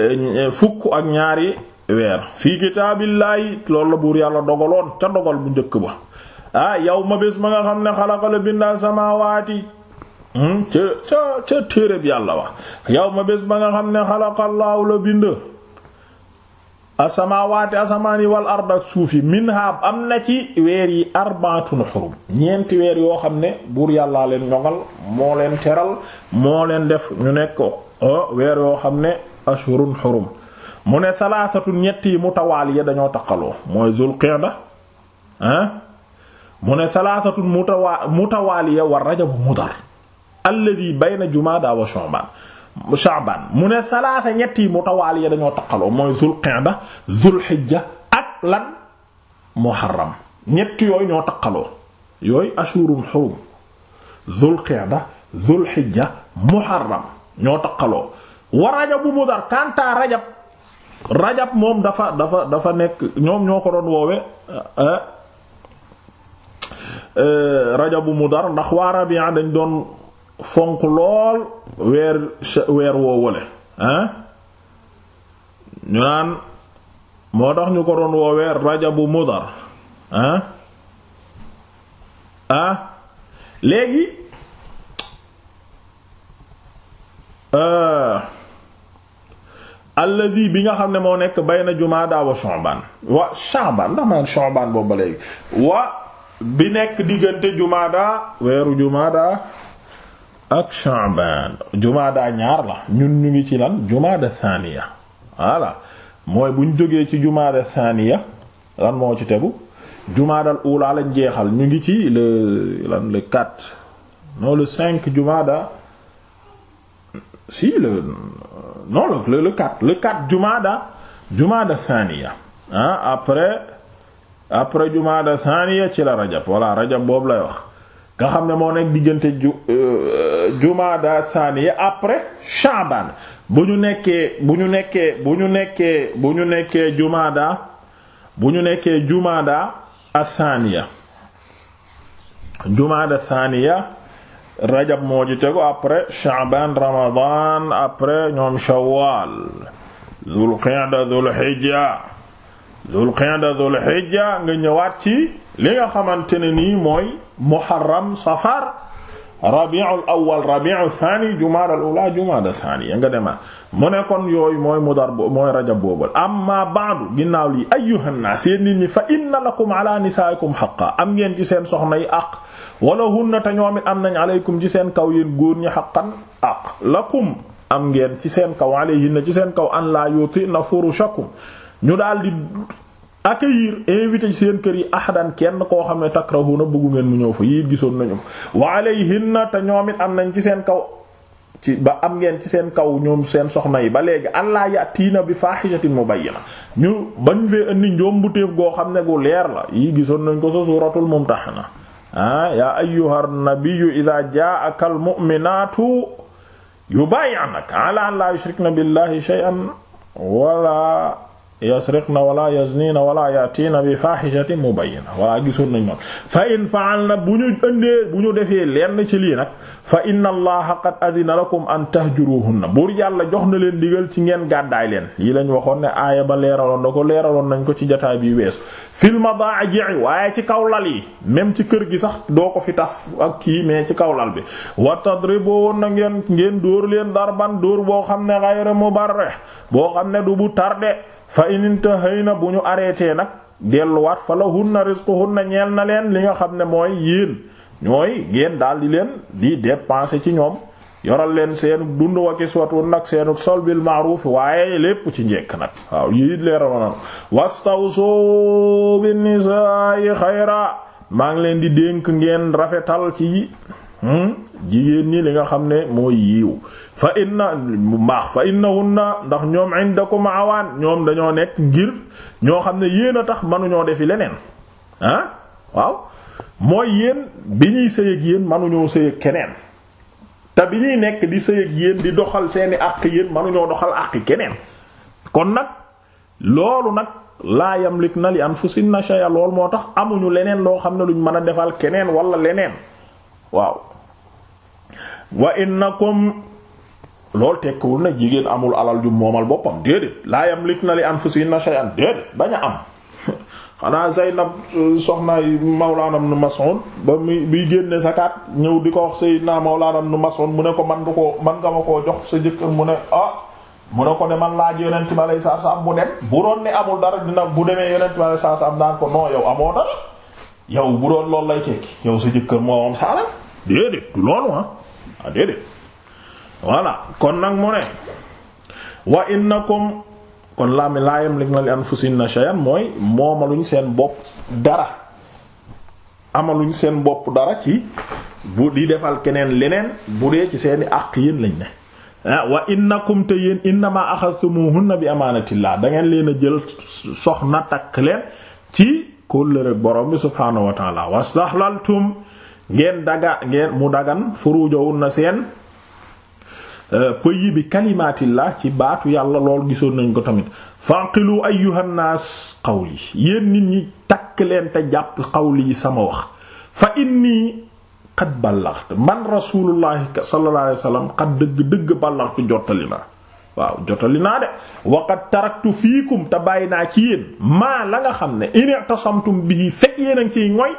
euh, fukk ak ñaari weer fii kitaabillahi loolu la buur yàlla dogaloon ca dogal bu njëkk ba ah yow ma bés ma nga xam ne xalaqala bindaa samaawaati hmm? ca ca ca téeréb yàlla wax yow ma bés ma nga xam ne xalaqallaahu la bind asamaawaati asamaan yi wal ard ak suuf yi minha am na ci weer yi arbaatun xurum ñeenti weer yoo xam ne buur yàlla leen ñoŋal moo leen teral moo leen def ñu nekk oh, weer yoo xam ne ashurun xurum mu ne salaasatu ñett mu mutawaali yi dañoo taqaloo mooy zul qa'da ah mu ne thalathatun mutawa mutawaaliya wa rajabu mudar alladhi bayna jumada wa sha'ban sha'ban mu ne thalatha ñetti mutawaaliya dañoo taqaloo mooy zul qa'da zul hijja ak lan muharram ñetti yooyu ñoo taqaloo yooyu ashurum hurum zul qa'da zul hijja muharram ñoo taqaloo wa rajabu mudar kanta rajab rajab moom dafa dafa dafa nekk ñoom ñoo ko doon woowe eh, eh, Euh, rajabu mudar ndax waa rabia dañ doon fonk lool weer weer woo wale ñu naan moo tax ñu ko doon woowee rajabu mudar ah ah léegi euh, alladi bi nga xam ne moo nekk bayna jumaada wa sha'ban wa sha'ban ndax maa ngi sha'ban léegi wa bi nekk diggante jumada weeru jumada ak Sha'ban jumaada ñaar la ñun ñu ngi ci lan jumaada thaniya voilà mooy buñ jógee ci jumaada thaniya lan moo ci tegu jumaadal ula lañ jeexal ñu ngi ci le lan le 4 non le 5 jumada si le non le le 4 le 4 jumaada jumaada thaniya après après jumaada thaniya ci la rajab walla rajab boobu lay wax nga xam ne moo nekk diggante ju euh, jumaada thaniya après shaaban bu ñu nekkee bu ñu nekkee bu ñu nekkee bu ñu nekkee jumaada bu ñu nekkee jumaada athaniya jumaada thaniya rajab moo ji tegu après shaaban ramadan après ñoom shawwal dhul qa'da dhul hijja dul qinda dul hijja nga ñëwaat ci li nga xamante ne nii mooy muharram safar rabi'ul awwal rabi'ul thani jumaadal ula jumaada thani ya nga demaat mu ne kon yooyu mooy mudar mooy rajab boobal amma ba'du ginnaaw lii ayyuhan naas yéen nit ñi fa inna lakum ala nisaikum haqqan am ngeen ci seen soxna yi àq wala hunna te ñoom it am nañ aleykum ci seen kaw yéen góor ñi haqqan àq lakum am ngeen ci seen kaw alayhinna ci seen kaw an la yuti na furushakum ñu daal di accueillir invité seen kër yi ahadan kenn koo xam ne takrahuna bëggu ngeen mu ñëw fa yii gisoon nañu wa alayhinna te ñoom it am nañ ci seen kaw ci ba am ngeen ci seen kaw ñoom seen soxna yi ba léegi allah yatiina bi faahishatin mubayyina ñu bañ fee indi njombuteef goo xam ne gu leer la yii gisoon nañ ko sa suuratul mumtahana ah yaa ayyuha nabiyyu idha jaa'aka al mu'minatu yubayyi'naka ala an la yushrikna billahi shay'an wala yasriqna wala yaznina wala yatina bi fahishatin mubayyina wala gisoon nañ noon fa in fa'alna bu ñu ëndee bu ñu defee lenn ci lii nag fa inna allaha qad adina lakum an na buur yàlla jox na leen digal ci ngeen gàddaay leen lii lañu waxoon ne aaya ba leeraloon na ko leeraloon nañ ko ci jataay bi weesu fil madaaji'i waaye ci kaw lal yi même ci kër gi sax doo ko fi taf ak kii mais ci kaw lal bi wa tadribuhun na ngeen ngeen dóor leen darban dóor boo boo xam ne du bu tardé in intahayna bu ñu arrêté nag delluwaat fa lahunna rizquhunna ñeel na leen li nga xam ne mooy yéen ñooy génn daal di leen di dépenser ci ñoom yoral leen seenu dund wa kiswatun nag seenu sol bil ma'ruf waaye lépp ci njekk nag waaw yii leeralal wastawsu bin nisaa'i xayra maa ngi leen di dénk ngeen rafetal ci hmm, jigéen ñi li nga xam ne mooy yiiw fa inna bu mbaax fa innahunna ndax ñoom indakum awaan ñoom dañoo nekk ngir ñoo xam ne yéen a tax mënuñoo defi leneen ah waaw mooy yéen bi ñuy sëyëg yéen mënuñoo sëyëg keneen te bi ñuy nekk di sëyëg yéen di doxal seeni àq yéen mënuñoo doxal àq keneen kon nag loolu nag laa yamlikna li si shay'a lool moo tax amuñu leneen loo xam ne luñ mën a defal keneen wala leneen waaw wa innakum loolu tekkiwul nag jigéen amul alal ju moomal boppam déedéet laa yamlikna li anfusihinna shay'an déedéet bañ a am xanaa Zaynab euh, soxnaay Mawlaana Ibn Mas'ud ba muy biy génne zakat ñëw di ko wax Sayyidina Mawlaana nu Mas'ud mu ne ko man du ko man nga ma koo jox sa jëkkër mu ne ah mu ne ko ne man laaj yonent bi alayhi salaam bu dem bu doon ne amul dara dina bu demee yonent bi alayhi salaam daan ko non yow amoo dara yow bu doon loolu lay tekki yow sa jëkkër moo sa alal déedéet voilà kon nag mu ne wa innakum kon laa mi laa na li anfusinna shay'an mooy moomaluñ seen bopp dara amaluñ seen bopp dara ci bu di defal keneen leneen bu dee ci seeni àq yéen lañ ne ah wa innakum te yéen innama axadtumuhunna bi amaanatillah da leen a jël soxna takk leen ci kóllëre borom bi subhaanahu wa taala wastahlaltum ngeen daga ngeen mu dagan furujowun na seen Euh, pëyi bi kalimaatillah ci baatu yàlla lool gisoon nañ ko tamit fanqilu ayyuhannaas qawli yéen nit ñi takk leen te jàpp qawli yi sama wax fa inni qad ballaxt man rasulullahi sallallahu alayhi dëgg dëgg ballaxtu jottali naa waaw jottali naa de waqad taraktu fiikum te bàyyi naa ci yéen maa la nga xam ne in i'tasamtum bihi fekk yéen a ngi ciy ngoy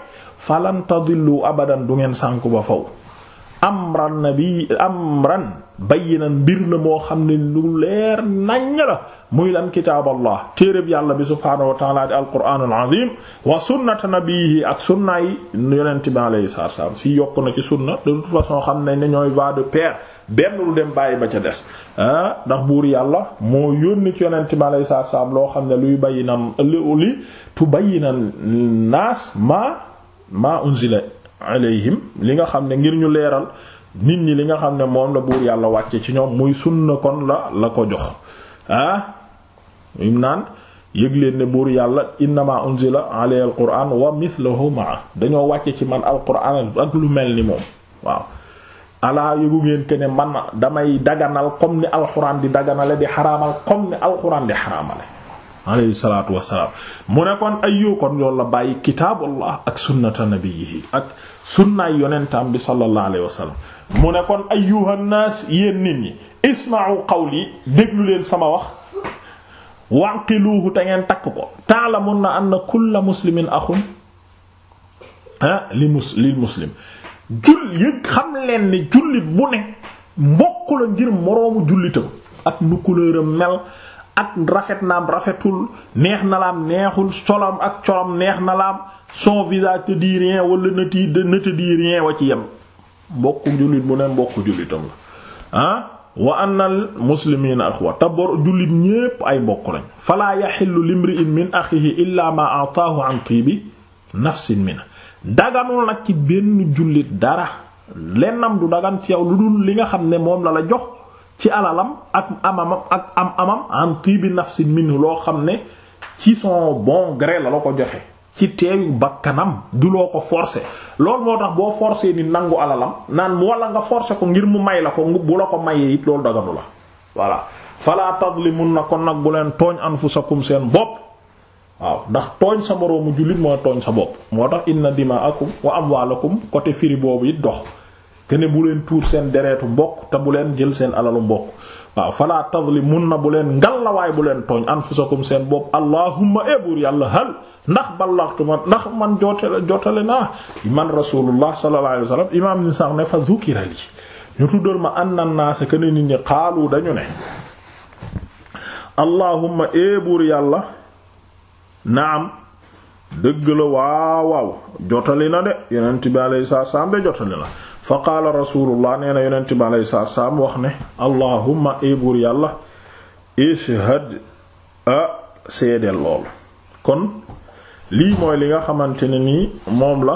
falan tadillu abadan du ngeen sànku ba faw amran nabi amran bayinan mbir la moo xam ne lu leer naññ la muy lan kitaab allah téeréb yàlla bi subhaanahu wa taala di alquraan alazim wa sunnata nabiihi ak sunna yi yonent bi alayhi salaatu salaam fii yokk na ci sunna de toute façon xam nañ ne ñooy va de pair benn lu dem bàyyi ba ca des ah ndax buur yàlla moo yónni ci yonent bi alayhi salaatu salaam loo xam ne luy bayinan li tu bayinan naas ma ma unzila alayhim li nga xam ne ngir ñu leeral nit ñi li nga xam ne moom la buur yàlla wàcce ci ñoom muy sunna kon la la ko jox ah naan yëg leen ne buur yàlla innama unzila alay al quran dañoo wàcce ci man al quran lu mel ni moom waaw alaa yëgu ngeen ke ne man damay dagganal comme ni alxuraan di daganale di xaraamal comme ni alxuraan di xaraamale alayhi salaatu wassalaam mu ne kon ayyu kon yoon la bàyyi kitaabullah ak sunnata nabiyihi ak sunnaay yonentam bi sallallahu alayhi wa sallam mu ne kon ayyuhan naas nit ñi isma'u qawli déglu leen sama wax wanqiluuhu te takk ko ta'lamun na anna kulla muslimin akhun ah li mus lil muslim jul yëg xam leen ne jullit bu ne mbokk la ngir moroomu jullitam ak nu couleuram mel ak rafet naam rafetul neex na laam neexul solam ak colam neex na laam son visage te dit rien wala ne te wa ci yem mbokku jullit bu ne mbokku jullitam la ah wa anna al muslimina axwa te bor jullit ñépp ay mbokk lañ fala yaxillu limri'in min axihi illa ma ataahu an tibi nafsin mina daganul nag ci benn jullit dara lennam du dagan ci lu dul li nga xam ne moom la la jox ci alalam ak amamam ak am amam an tibi nafsin minhu loo xam ne ci son bon gré la la ko joxe ci teeyu bakkanam du loo ko forcer loolu moo tax boo forcer ni nangu alalam naan wala nga forcer ko ngir mu may la ko bu la ko mayee it loolu daganu la voilà mun na ko nag bu leen tooñ fu sa anfusakum seen bopp waaw ndax tooñ sa moroomu jullit moo tooñ sa bopp moo tax na inna dimaakum wa ko côté firi boobu it dox te ne bu leen tuur seen dereetu mbokk te bu leen jël seen alalu mbokk waaw mun na bu leen ngal la waaye bu leen tooñ anfusakum seen bopp allahumma ebuur eh yàlla hal ndax ballaxtu ma ndax man jootale jootale na man rasulullah sallallahu alayhi wasallam imam ni sax ne fa zukira li ñu tuddal ma anna naa que ne nit ñi xaalu dañu ne allahumma eh buur yàlla naam dëgg la waaw waaw jootali na de yonent bi alayhi salaam de jootali na fa qaala rasulullah nee na yonent bi alayhi salaatu salaam wax ne allahumma ee buur yàlla ishhad a seedeel lool kon lii mooy li nga xamante ne nii moom la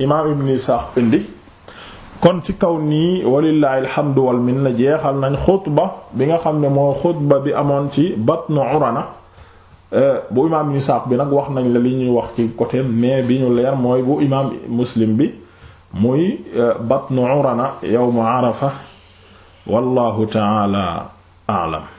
imaam ibn Isaaq indi kon ci kaw nii walillahi alhamdu wal minna jeexal nañ xutba bi nga xam ne moo xutba bi amoon ci batnu urana euh, bu imaam ibn Isaaq bi nag wax nañ la li ñuy wax ci côté mais bi ñu leer mooy bu imaam muslim bi muy e, batnu urana yawma arafa wallahu ta'ala a'lam